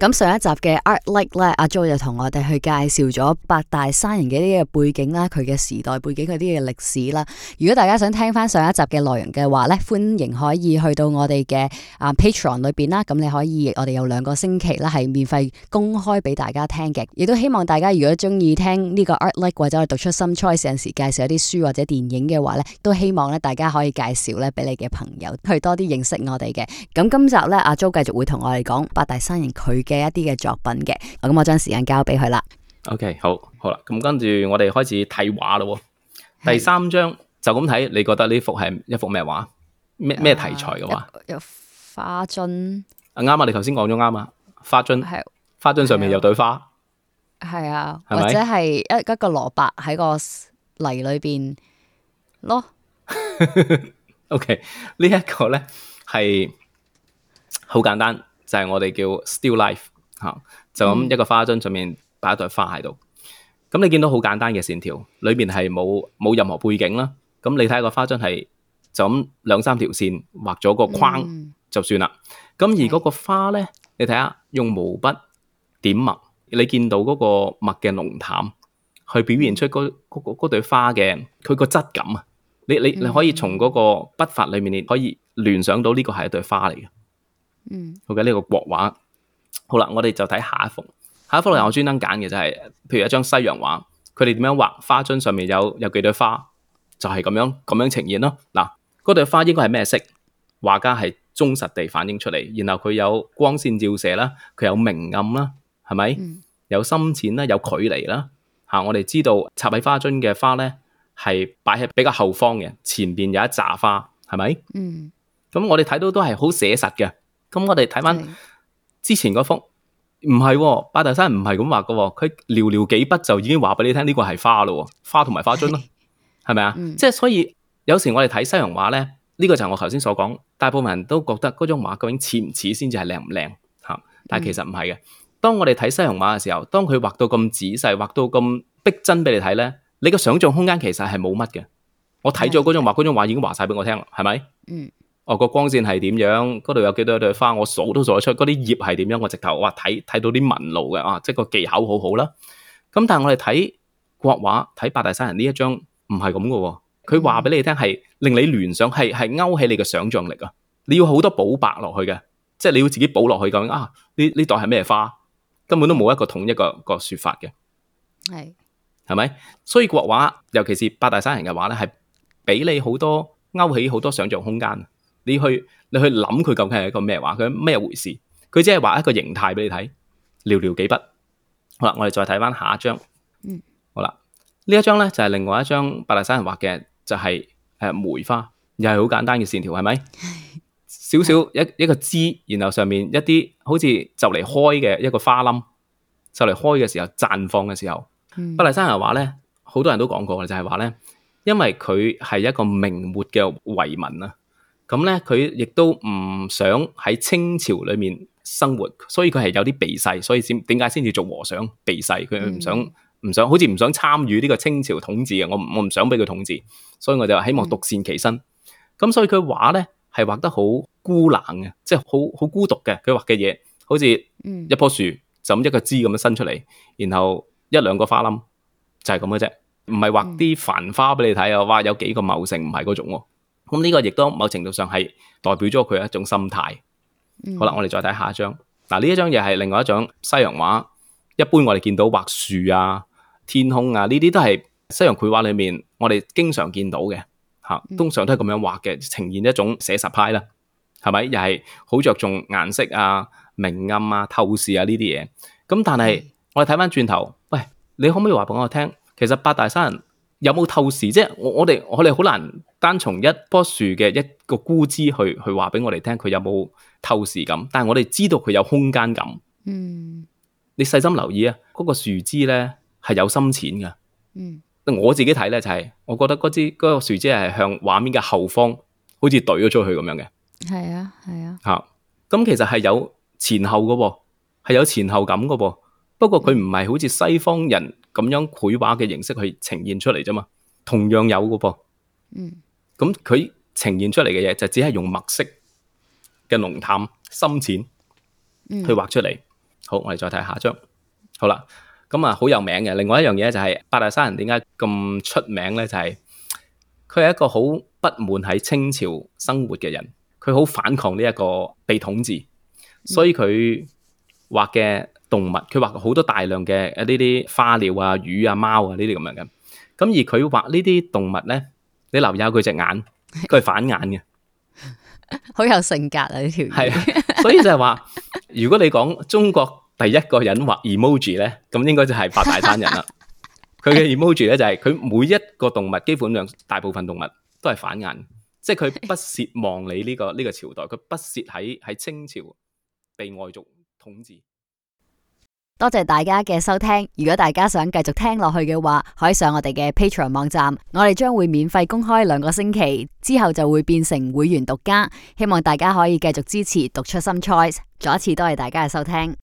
咁上一集嘅 Art Like 咧，阿、啊、Jo 就同我哋去介紹咗八大山人嘅呢個背景啦，佢嘅時代背景，佢啲嘅歷史啦。如果大家想聽翻上一集嘅內容嘅話咧，歡迎可以去到我哋嘅啊 Patreon 裏邊啦，咁你可以，我哋有兩個星期啦係免費公開俾大家聽嘅。亦都希望大家如果中意聽呢、這個 Art Like 或者我哋讀出 Some Choice 時介紹一啲書或者電影嘅話咧，都希望咧大家可以介紹咧俾你嘅朋友去多啲認識我哋嘅。咁今集咧，阿、啊、Jo 繼續會同我哋講八大山人佢。嘅一啲嘅作品嘅，咁我將時間交俾佢啦。OK，好，好啦，咁跟住我哋開始睇畫咯。的第三張就咁睇，你覺得呢幅係一幅咩畫？咩咩題材嘅畫？啊、有花樽。啊啱啊，你頭先講咗啱啊，花樽係花樽上面有對花，係啊，的的或者係一一個蘿蔔喺個泥裏邊咯。 OK，呢一個咧係好簡單。就係我哋叫 still life 嚇，就咁一個花樽上面擺一對花喺度。咁、嗯、你見到好簡單嘅線條，裏面係冇冇任何背景啦。咁你睇下個花樽係就咁兩三條線畫咗個框就算啦。咁、嗯、而嗰個花咧，你睇下用毛筆點墨，你見到嗰個墨嘅濃淡，去表現出嗰、嗰、嗰、個、對花嘅佢個質感啊！你你你可以從嗰個筆法裏面，你可以聯想到呢個係一對花嚟嘅。嗯，好嘅，呢個國畫，好啦，我哋就睇下一幅，下一幅嚟，我專登揀嘅就係，譬如一張西洋畫，佢哋點樣畫花樽上面有有幾朵花，就係咁樣咁樣呈現咯。嗱，嗰朵花應該係咩色？畫家係忠實地反映出嚟，然後佢有光線照射啦，佢有明暗啦，係咪？有深淺啦，有距離啦。吓，我哋知道插喺花樽嘅花咧，係擺喺比較後方嘅，前邊有一扎花，係咪？嗯，咁我哋睇到都係好寫實嘅。咁我哋睇翻之前嗰幅，唔係，八大山人唔係咁畫嘅，佢寥寥幾筆就已經話俾你聽呢個係花咯，花同埋花樽咯，係咪啊？是是嗯、即係所以有時我哋睇西洋畫咧，呢、這個就係我頭先所講，大部分人都覺得嗰種畫究竟似唔似先至係靚唔靚吓，但係其實唔係嘅。嗯、當我哋睇西洋畫嘅時候，當佢畫到咁仔細，畫到咁逼真俾你睇咧，你個想象空間其實係冇乜嘅。我睇咗嗰種畫，嗰種畫已經話晒俾我聽啦，係咪？嗯的。哦，個光線係點樣？嗰度有幾多朵花？我數都數得出。嗰啲葉係點樣？我直頭話睇睇到啲紋路嘅。啊，即係個技巧好好啦。咁但係我哋睇國畫，睇八大山人呢一張唔係咁嘅喎。佢話俾你聽係令你聯想，係係勾起你嘅想像力啊。你要好多補白落去嘅，即係你要自己補落去咁啊。呢呢朵係咩花？根本都冇一個統一，一個個説法嘅。係係咪？所以國畫，尤其是八大山人嘅畫咧，係俾你好多勾起好多想像空間。你去，你去諗佢究竟係一個咩話？佢咩回事？佢只係畫一個形態俾你睇，寥寥幾筆。好啦，我哋再睇翻下一張。嗯、好啦，一張呢一張咧就係、是、另外一張八大山人畫嘅，就係誒梅花，又係好簡單嘅線條，係咪？少少 一個一個枝，然後上面一啲好似就嚟開嘅一個花冧，就嚟開嘅時候綻放嘅時候。時候嗯、八大山人畫咧，好多人都講過，就係話咧，因為佢係一個明末嘅遺民啊。咁咧，佢亦都唔想喺清朝裏面生活，所以佢係有啲避世，所以先點解先至做和尚避世？佢唔想唔想，想，好似唔想參與呢個清朝統治嘅，我我唔想俾佢統治，所以我就希望獨善其身。咁、嗯、所以佢畫咧係畫得好孤冷嘅，即係好好孤獨嘅。佢畫嘅嘢好似一棵樹，就咁一個枝咁樣伸出嚟，然後一兩個花冧就係咁嘅啫，唔係畫啲繁花俾你睇啊！嗯、哇，有幾個茂盛唔係嗰種喎、啊。咁呢個亦都某程度上係代表咗佢一種心態。嗯、好啦，我哋再睇下一張。嗱、啊，呢一張又係另外一張西洋畫。一般我哋見到畫樹啊、天空啊，呢啲都係西洋繪畫裏面我哋經常見到嘅。嚇、啊，通常都係咁樣畫嘅，呈現一種寫實派啦、啊。係咪？嗯、又係好着重顏色啊、明暗啊、透視啊呢啲嘢。咁但係我哋睇翻轉頭，喂，你可唔可以話俾我聽？其實八大山人。有冇透視？即係我我哋我哋好難單從一棵樹嘅一個枯枝去去話俾我哋聽，佢有冇透視感？但係我哋知道佢有空間感。嗯，你細心留意啊，嗰、那個樹枝咧係有深淺㗎。嗯，我自己睇咧就係、是，我覺得嗰支嗰個樹枝係向畫面嘅後方，好似懟咗出去咁樣嘅。係啊，係啊。吓，咁其實係有前後噶，係有前後感噶。不過佢唔係好似西方人。咁樣繪畫嘅形式去呈現出嚟啫嘛，同樣有噶噃。嗯。咁佢呈現出嚟嘅嘢就只係用墨色嘅濃淡、深淺去畫出嚟。好，我哋再睇下張。好啦，咁啊，好有名嘅。另外一樣嘢就係八大山人點解咁出名咧？就係佢係一個好不滿喺清朝生活嘅人，佢好反抗呢一個被統治，所以佢畫嘅。動物，佢畫好多大量嘅一呢啲花鳥啊、魚啊、貓啊呢啲咁樣嘅。咁而佢畫呢啲動物咧，你留意下佢隻眼，佢係反眼嘅，好有性格啊！呢條係，所以就係話，如果你講中國第一個人畫 emoji 咧，咁應該就係八大山人啦。佢嘅 emoji 咧就係佢每一個動物，基本上大部分動物都係反眼，即係佢不屑望你呢個呢個朝代，佢不屑喺喺清朝被外族統治。多謝大家嘅收聽，如果大家想繼續聽落去嘅話，可以上我哋嘅 Patreon 網站，我哋將會免費公開兩個星期，之後就會變成會員獨家。希望大家可以繼續支持讀出 Some Choice，再一次多謝大家嘅收聽。